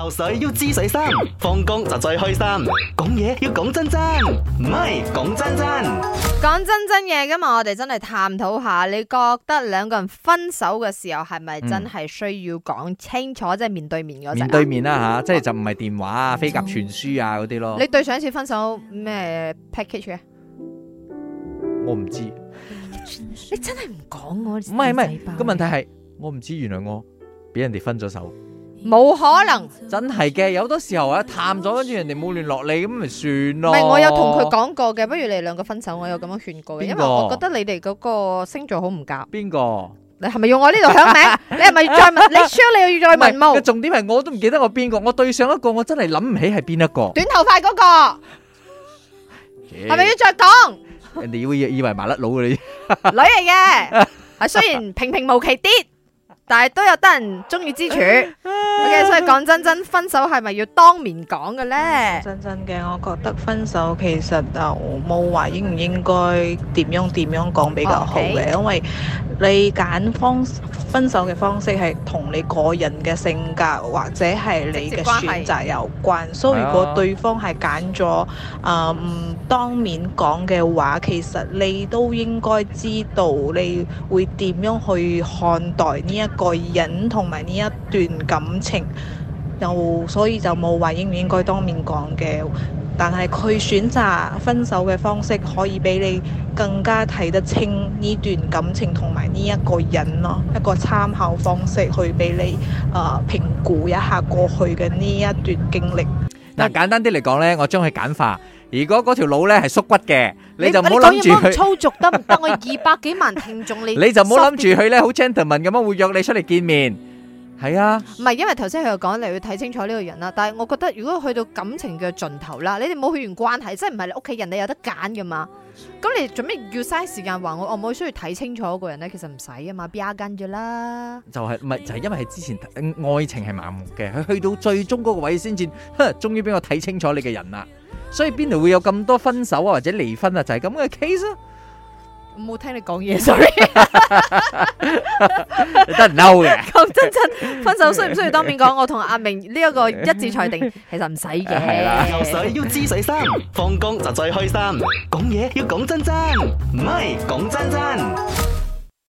流水要知水深，放工就最開心。講嘢要講真真，唔係講真真。講真真嘢，今日我哋真係探討下，你覺得兩個人分手嘅時候係咪真係需要講清楚，嗯、即係面對面嗰陣？面對面啦吓，即係就唔係電話啊、飛鴿傳書啊嗰啲咯。你對上一次分手咩 package？啊、我唔知你，你真係唔講我？唔係唔係，個問題係我唔知，原來我俾人哋分咗手。冇可能，真係嘅，有好多時候啊，探咗跟住人哋冇聯絡你，咁咪算咯。唔係，我有同佢講過嘅，不如你哋兩個分手，我有咁樣勸告嘅。邊個？因為我覺得你哋嗰個星座好唔夾。邊個？你係咪用我呢度響名？你係咪再問？你 share 你又要再問？冇。重點係我都唔記得我邊個，我對上一個我真係諗唔起係邊一個。短頭髮嗰個，係咪要着講？人哋以以為麻甩佬嘅你，女嚟嘅，係雖然平平無奇啲。但係都有得人中意之處，okay，所以講真真分手係咪要當面講嘅咧？真真嘅，我覺得分手其實就冇話應唔應該點樣點樣講比較好嘅，哦 okay. 因為你揀方分手嘅方式係同你個人嘅性格或者係你嘅選擇有關。關所以如果對方係揀咗啊唔當面講嘅話，其實你都應該知道你會點樣去看待呢一個人同埋呢一段感情，又所以就冇話應唔應該當面講嘅。但係佢選擇分手嘅方式，可以俾你更加睇得清呢段感情同埋呢一個人咯，一個參考方式去俾你啊評估一下過去嘅呢一段經歷。嗱，簡單啲嚟講咧，我將佢簡化。如果嗰條佬咧係縮骨嘅，你就唔好諗住佢粗俗得唔得？我二百幾萬聽眾，你你就唔好諗住佢咧，好 gentleman 咁樣會約你出嚟見面係啊？唔係因為頭先佢又講，你要睇清楚呢個人啦。但係我覺得如果去到感情嘅盡頭啦，你哋冇血緣關係，即係唔係你屋企人，你有得揀噶嘛？咁你做咩要嘥時間，話我我唔需要睇清楚嗰個人咧？其實唔使啊嘛，B R 跟住啦，就係唔係就係因為係之前愛情係盲目嘅，佢去到最終嗰個位先至，哼，終於俾我睇清楚你嘅人啦。所以邊度會有咁多分手啊，或者離婚啊，就係咁嘅 case 咯，我冇聽你講嘢，sorry，你真係嬲嘅。講真真，分手需唔需要當面講？我同阿明呢一個一致裁定，其實唔使嘅。係啦，游水要知水深，放工就最開心。講嘢要講真真，唔係講真真。